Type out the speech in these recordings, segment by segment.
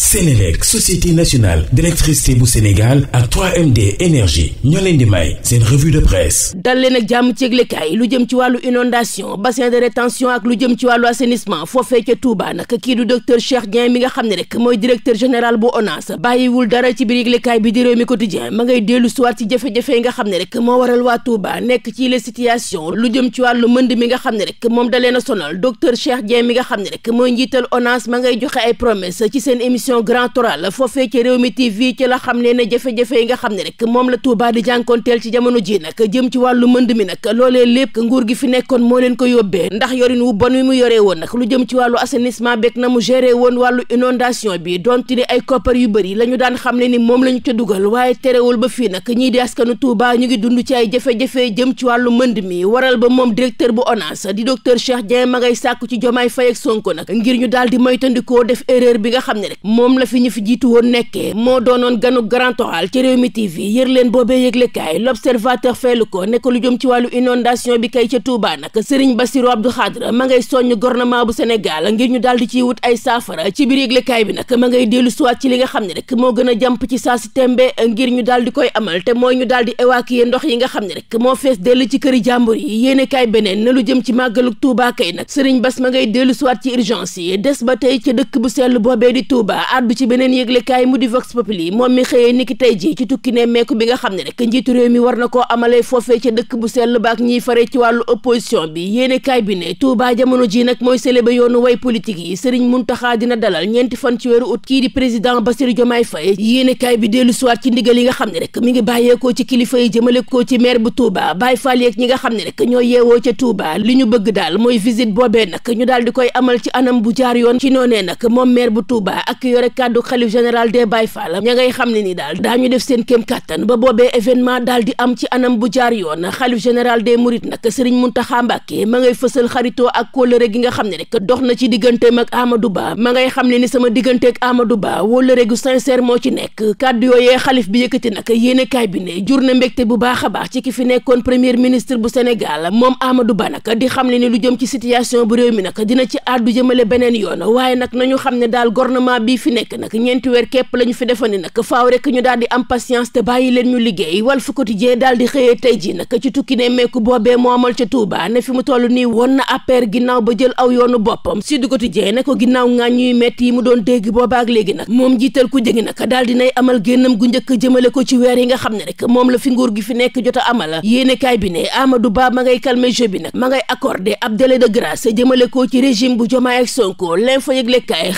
Sénélec société nationale d'électricité bu Sénégal ak 3MD énergie ñoo leen di may seen revue de presse dal leen jàmm ci yëglekaay lu jëm ci wàllu inondation bassin de rétention ak lu jëm ci wàllu assainissement foofee ca Touba nag kii du docteur Cheikh Dieng mi nga xam ne rek mooy directeur général bu ONAS bàyyiwul dara ci biir yëglekaay bi di Rewmi Quotidien ma ngay dellu suwaat ci jafe-jafe nga xam ne rek moo waral waa Touba nekk ci les situation lu jëm ci wàllu mënd mi nga xam ne rek moom da leen a sonal docteur Cheikh Dieng mi nga xam ne rek mooy njiital ONAS ma ngay joxe ay promesse seen émission édition grand oral foofee ci réew mi TV ci la xam ne ne jafe-jafe yi nga xam ne rek moom la Touba di jànkoonteel ci jamono ji nag jëm ci wàllu mënd mi nag loolee lépp nguur gi fi nekkoon moo leen ko yóbbee ndax yorin wu bon wi mu yoree woon nag lu ci wàllu assainissement beeg na mu géré woon wàllu inondation bi donte ni ay koppar yu bëri la ñu daan xam ne moom la ñu ca dugal waaye terewul fii nag ñii di askanu Touba ñu ngi dund ci ay jafe jëm ci wàllu mënd mi waral ba moom directeur bu ONAS di docteur Cheikh Dieng ma ngay sàkku ci Jomaay Faye ak Sonko nag ngir ñu daal di moytandikoo def erreur bi nga xam ne rek moom la fi ñu fi jiitu woon nekkee moo doonoon ganu grand oral ci réew mi TV yër leen boobee yëglekaay l'observateur feelu ko ne ko lu jëm ci wàllu inondation bi kay ca Touba nag Serigne Bassirou Abdou Khadre ma ngay soññ gouvernement ñu daal di ciy wut ay saafara ci biir yëglekaay bi nag ma ngay dellu suwaat ci li nga xam ne rek moo gën a jàmp ci saa si ngir ñu daal di koy amal te mooy ñu daal di évacuer ndox yi nga xam ne rek moo fees dellu ci këri jàmbur yi yéenekaay beneen ne lu jëm ci màggaluk Touba kay nag sëriñ Bass ma ngay dellu suwaat ci urgence des ba tey ca dëkk bu sell boobee di Touba addu ci beneen yëglekaay mu di Vox Populi moom mi xëyee niki tey ji ci tukki ne meeku bi nga xam ne rek njiitu réew mi war na ko amalee foofee ca dëkk bu sell baak ñiy fare ci wàllu opposition bi yéenekaay bi ne Touba jamono ji nag mooy célébé yoon way politique yi Serigne Mountakha dina dalal ñeenti fan ci weeru ut kii di président ba Bassirou Diomaye fay yéenekaay bi dellu siwaat ci ndigal yi nga xam ne rek mu ngi bàyyeekoo ci kilifa yi jëmale ko ci maire bu Touba Baye Fall yeeg nga xam ne rek ñoo yeewoo ca Touba ñu bëgg daal mooy visite boobee nag ñu daal di koy amal ci anam bu jaar yoon ci noonee nag moom maire bu Touba ak ki yore kàddu xalif général des Baye Fall ña ngay xam ne ni daal daañu def seen kéem kàttan ba boobee événement daal di am ci anam bu jaar yoon xalif général des Mourides nag Serigne Mountakha Mbacké ma ngay fësal xaritoo ak kóllëre gi nga xam ne rek dox na ci digganteem ak Amadou Ba ma ngay xam ne ni sama diggante ak Ba wóllëre gu sincère moo ci nekk kàddu yooyee xalif bi yëkkati nag yéenekaay bi ne jur na mbégte bu baax a baax ci ki fi nekkoon premier Ba nag di xam ne ni lu mi nag dina ci àddu jëmale beneen yoon waaye nag nañu xam ne daal gouvernement bi yi fi nekk nag ñeenti weer képp la ñu fi defandi nag faaw rek ñu daal di am patience te bàyyi leen ñu liggéey Walf Quotidien daal di xëyee tey ji nag ci tukki ne meeku boobee moomal mu toll nii won na APR ginnaaw ba jël aw yoonu boppam Sud Quotidien ne ko ginnaaw ngaa ñuy metti yi mu doon dégg boobaak léegi nag moom jiital ku jëngi nag daal dinay amal génnam gu njëkk jëmale ko ci weer yi nga xam ne rek moom la fi nguur gi fi nekk jot a amal yéenekaay bi ne Amadou Ba ma ngay bi nag ma ngay accordé ab délai de grâce jëmale ko ci régime bu Jomaay ak Sonko l'info yëglekaay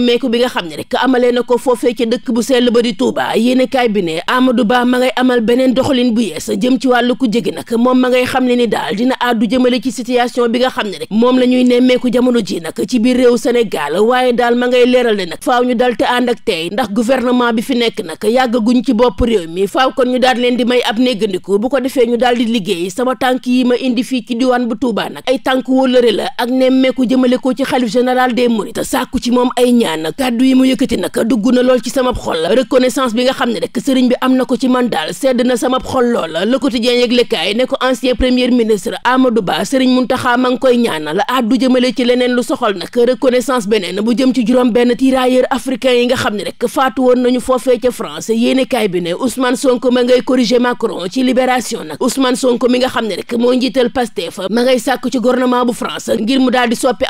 nemmeeku bi nga xam ne rek amalee na ko foofee ca dëkk bu sell ba di Touba yéenekaay bi ne Amadou Ba ma ngay amal beneen doxalin bu yees jëm ci wàllu ku jege nag moom ma ngay xam ne ni daal dina àddu jëmale ci situation bi nga xam ne rek moom la ñuy nemmeeku jamono ji nag ci biir réew Sénégal waaye daal ma ngay leeral ne nag faaw ñu dal te ànd ak tey ndax gouvernement bi fi nekk nag yàggaguñ ci bopp réew mi faaw kon ñu daal leen di may ab néggandiku bu ko defee ñu daal di liggéey sama tànk yi ma indi fii ci diwaan bu Touba nag ay tànk wóllëre la ak nemmeeku jëmale ko ci xalif général des mourides sàkku ci moom ay ñaan nag kàddu yi mu yëkkati nag dugg na lool ci sama xol reconnaissance bi nga xam ne rek sëriñ bi am na ko ci man daal sedd na sama xol lool Le Quotidien yëglekaay ne ko ancien premier ministre Amadou Ba sëriñ Muntaxa ma ngi koy ñaanal addu jëmale ci leneen lu soxal nag reconnaissance beneen bu jëm ci juróom benn tirailleur africain yi nga xam ne rek faatu woon nañu foofee ca France yéenekaay bi ne Ousmane Sonko ma ngay corriger Macron mi nga xam ne rek moo njiital Pastef ma ngay sàkk ci gouvernement bu France ngir mu daal di soppi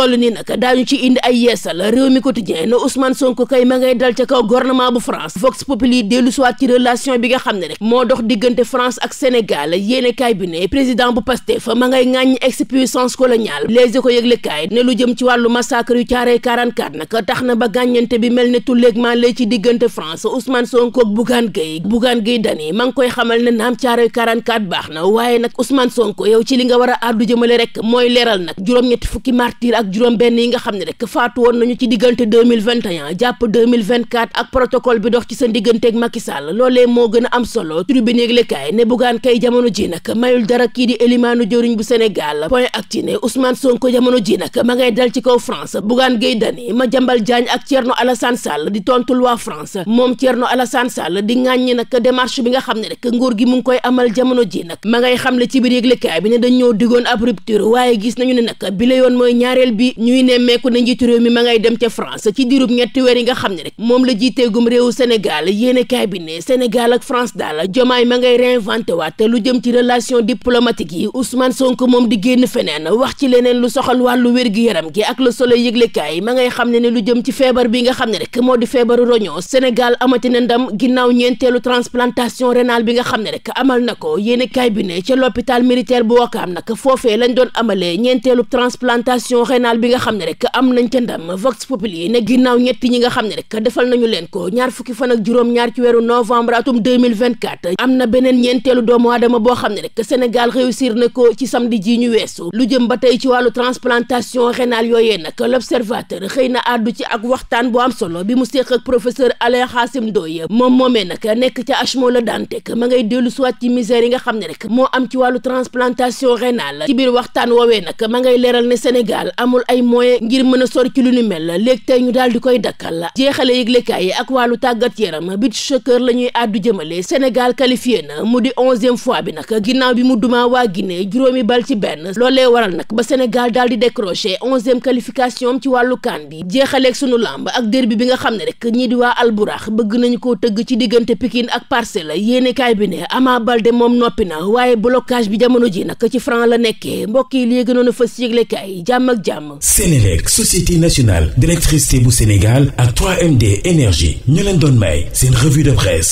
toll nii nag daañu ci indi ay yeesal réew mi quotidien ne Ousmane Sonko kay ma ngay dal ca kaw gouvernement bu France Vox Populi dellu soit ci relation bi nga xam ne rek moo dox diggante France ak Sénégal yéene kaay bi ne lu jëm ci wàllu massacre yu caaree 44 nag tax na ba gàññante bi mel ne tulleeg maa lay ci diggante France Ousmane Sonko ak Bougane Gueye Bougane Gueye Dany ma ngi koy xamal ne naam caaree 44 baax na waaye a àddu juróom-benn yi nga xam ne rek faatu woon nañu ci diggante deux mille vingt et un jàpp deux mille vingt quatre ak protocole bi dox ci seen digganteeg Macky Sall loolee moo gën a am solo tribune yëglekaay ne bugaan kay jamono ji nag mayul dara kii di élimaanu jëriñ bu Sénégal point acti ne Ousmane ko jamono ji nag ma ngay dal ci kaw France bugaan Guèye Dany ma jambal Diagne ak Thierno Alassane Sall di tontul waa France moom Thierno Alassane Sall di ŋàññi nag démarche bi nga xam ne rek nguur gi mu ngi koy amal jamono ji nag ma ngay xamle ci biir yëglekaay bi ne dañoo diggoon ab rupture waaye gis nañu ne nag bi la yoon mooy ñaareel bi ñuy nemmeeku na njiitu réew mi ma ngay dem ca France ci diirub ñetti weer yi nga xam ne rek moom la jiiteegum réewu Sénégal yéene kaay bi ne Sénégal ak France daal jomaay ma ngay réinventé waat te lu jëm ci relation diplomatique yi Ousmane Sonko moom di génn feneen wax ci leneen lu soxal wàllu wér-gu-yaram gi ak la Soleil yëglekaay ma ngay xam ne ne lu jëm ci feebar bi nga xam ne rek moo di feebaru roño Sénégal amati na ndam ginnaaw ñeenteelu transplantation rénale bi nga xam ne rek amal na ko yéenekaay bi ne ca l'hôpital militaire bu Wakaam nag foofee lañ doon amalee pénal bi nga xam ne rek am nañ ca ndam ginnaaw ñetti ñi nga xam ne rek defal nañu leen ko ñaar fukki fan ak juróom ñaar ci weeru novembre atum 2024 am na beneen ñeenteelu doomu aadama boo xam ne rek Sénégal réussir na ko ci samedi ji ñu weesu lu jëm ba tey ci wàllu transplantation rénale yooyee nag l'observateur xëy na àddu ci ak waxtaan bu am solo bi mu seex ak professeur Alain Khassim Ndoye moom moomee nag nekk ca HMO la daan teg ma ngay dellu soit ci misère yi nga xam ne rek moo am ci wàllu transplantation rénale ci biir waxtaan woowee nag ma ngay leeral ne Sénégal amul ay moyens ngir mën a sori ci lu ni mel léegi ñu daal di koy dakkal jeexale yëglekaay yi ak wàllu tàggat yaram beach soccer la ñuy àddu jëmale Sénégal qualifié na mu di onzième fois bi nag ginnaaw bi mu dumaa waa Guinée juróomi bal ci benn loolee waral nag ba Sénégal daal di décroché onzième qualification ci wàllu kaan bi jeexaleek sunu làmb ak derbi bi nga xam ne rek ñii di waa Alburax bëgg nañu koo tëgg ci diggante Pikine ak Parcelles yéenekaay bi ne Ama Baldé moom noppi na waaye blocage bi jamono ji nag ci franc la nekkee mbokk yi léegi noonu fas yëglekaay jàmm ak jàmm armes. Sénélec société nationale d'électricité bu Sénégal ak 3MD énergie ñu leen doon may seen revue de presse.